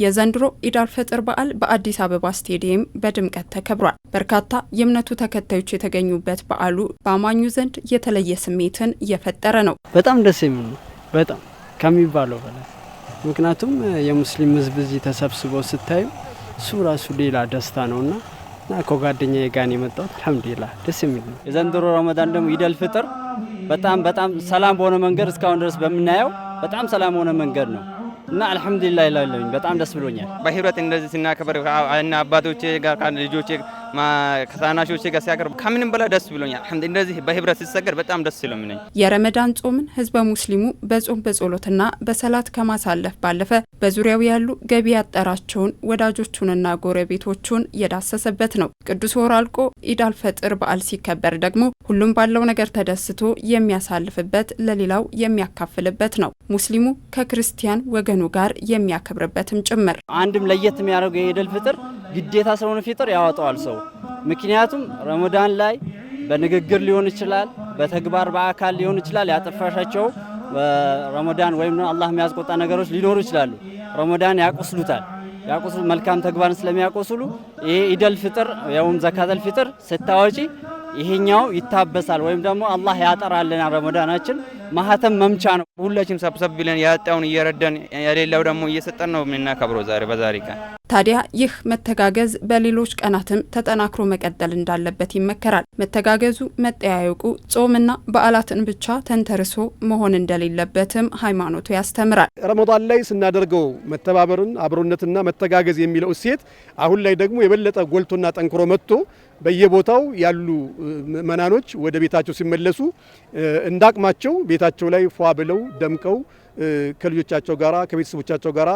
የዘንድሮ ኢዳል ፈጥር በዓል በአዲስ አበባ ስቴዲየም በድምቀት ተከብሯል። በርካታ የእምነቱ ተከታዮች የተገኙበት በዓሉ በአማኙ ዘንድ የተለየ ስሜትን እየፈጠረ ነው። በጣም ደስ የሚል ነው፣ በጣም ከሚባለው በላይ ምክንያቱም የሙስሊም ሕዝብ እዚህ ተሰብስበው ስታዩ እሱ ራሱ ሌላ ደስታ ነውና እና ከጓደኛ የጋን የመጣሁት አልሐምዱሊላህ ደስ የሚል ነው። የዘንድሮ ረመዳን ደግሞ ኢዳል ፍጥር በጣም በጣም ሰላም በሆነ መንገድ እስካሁን ድረስ በምናየው በጣም ሰላም ሆነ መንገድ ነው እና አልሐምዱሊላ ይላለኝ በጣም ደስ ብሎኛል። በህብረት እንደዚህ ሲናከበር እና አባቶቼ ጋር ልጆቼ ከታናሾቼ ጋር ሲያከብር ከምንም በላይ ደስ ብሎኛል። እንደዚህ በህብረት ሲሰገድ በጣም ደስ ይለምነኝ። የረመዳን ጾምን ህዝበ ሙስሊሙ በጾም በጸሎትና በሰላት ከማሳለፍ ባለፈ በዙሪያው ያሉ ገቢ ያጠራቸውን ወዳጆቹንና ጎረቤቶቹን የዳሰሰበት ነው። ቅዱስ ወር አልቆ ኢድ አልፈጥር በዓል ሲከበር ደግሞ ሁሉም ባለው ነገር ተደስቶ የሚያሳልፍበት ለሌላው የሚያካፍልበት ነው። ሙስሊሙ ከክርስቲያን ወገኑ ጋር የሚያከብርበትም ጭምር። አንድም ለየት የሚያደርገው የኢደል ፍጥር ግዴታ ስለሆነ ፍጥር ያወጣዋል ሰው ምክንያቱም ረመዳን ላይ በንግግር ሊሆን ይችላል፣ በተግባር በአካል ሊሆን ይችላል። ያጠፋሻቸው ረመዳን ወይም አላህ የሚያስቆጣ ነገሮች ሊኖሩ ይችላሉ። ረመዳን ያቆስሉታል ያቆስሉ መልካም ተግባርን ስለሚያቆስሉ ይሄ ኢደል ፍጥር ያውም ዘካተል ፍጥር ስታወጪ ይሄኛው ይታበሳል ወይም ደግሞ አላህ ያጠራልና ረመዳናችን ማህተም መምቻ ነው። ሁላችንም ሰብሰብ ብለን ያጣውን እየረዳን የሌለው ደግሞ እየሰጠን ነው የምናከብረው ዛሬ በዛሬ ቀን ታዲያ ይህ መተጋገዝ በሌሎች ቀናትም ተጠናክሮ መቀጠል እንዳለበት ይመከራል። መተጋገዙ፣ መጠያየቁ ጾምና በዓላትን ብቻ ተንተርሶ መሆን እንደሌለበትም ሃይማኖቱ ያስተምራል። ረመዳን ላይ ስናደርገው መተባበርን፣ አብሮነትና መተጋገዝ የሚለው እሴት አሁን ላይ ደግሞ የበለጠ ጎልቶና ጠንክሮ መጥቶ በየቦታው ያሉ መናኖች ወደ ቤታቸው ሲመለሱ እንዳቅማቸው ቤታቸው ላይ ፏ ብለው ደምቀው ከልጆቻቸው ጋራ ከቤተሰቦቻቸው ጋራ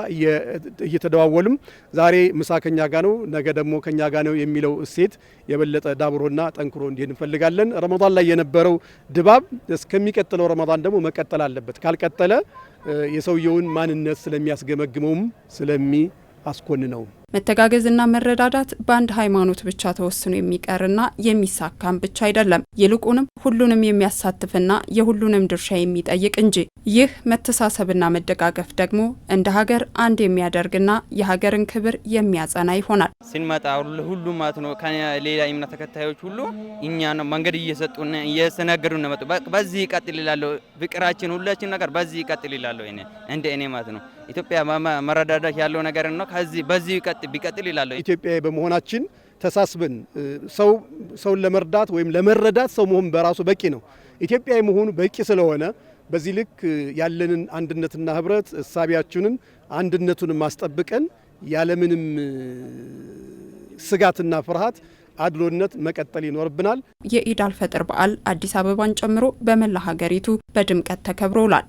እየተደዋወሉም ዛሬ ምሳ ከኛ ጋ ነው፣ ነገ ደግሞ ከኛ ጋ ነው የሚለው እሴት የበለጠ ዳብሮና ጠንክሮ እንዲሄድ እንፈልጋለን። ረመዳን ላይ የነበረው ድባብ እስከሚቀጥለው ረመዳን ደግሞ መቀጠል አለበት። ካልቀጠለ የሰውየውን ማንነት ስለሚያስገመግመውም ስለሚ አስኮን ነው። መተጋገዝና መረዳዳት በአንድ ሃይማኖት ብቻ ተወስኖ የሚቀርና የሚሳካም ብቻ አይደለም፣ ይልቁንም ሁሉንም የሚያሳትፍና የሁሉንም ድርሻ የሚጠይቅ እንጂ። ይህ መተሳሰብና መደጋገፍ ደግሞ እንደ ሀገር አንድ የሚያደርግና የሀገርን ክብር የሚያጸና ይሆናል። ስንመጣ ሁሉም ማለት ነው ከሌላ እምነት ተከታዮች ሁሉ እኛ ነው መንገድ እየሰጡን እየተነገዱ ነመጡ። በዚህ ይቀጥል ይላለሁ። ፍቅራችን ሁላችን ነገር በዚህ ይቀጥል ይላለሁ። እኔ እንደ እኔ ማለት ነው ኢትዮጵያ መረዳዳት ያለው ነገር ነው። ከዚህ በዚህ ይቀጥል ቢቀጥል ይላለሁ። ኢትዮጵያዊ በመሆናችን ተሳስበን ሰው ሰውን ለመርዳት ወይም ለመረዳት ሰው መሆን በራሱ በቂ ነው። ኢትዮጵያዊ መሆኑ በቂ ስለሆነ በዚህ ልክ ያለንን አንድነትና ህብረት እሳቢያችንን አንድነቱን ማስጠብቀን ያለምንም ስጋትና ፍርሃት አድሎነት መቀጠል ይኖርብናል። የኢድ አልፈጥር በዓል አዲስ አበባን ጨምሮ በመላ ሀገሪቱ በድምቀት ተከብሮ ውሏል።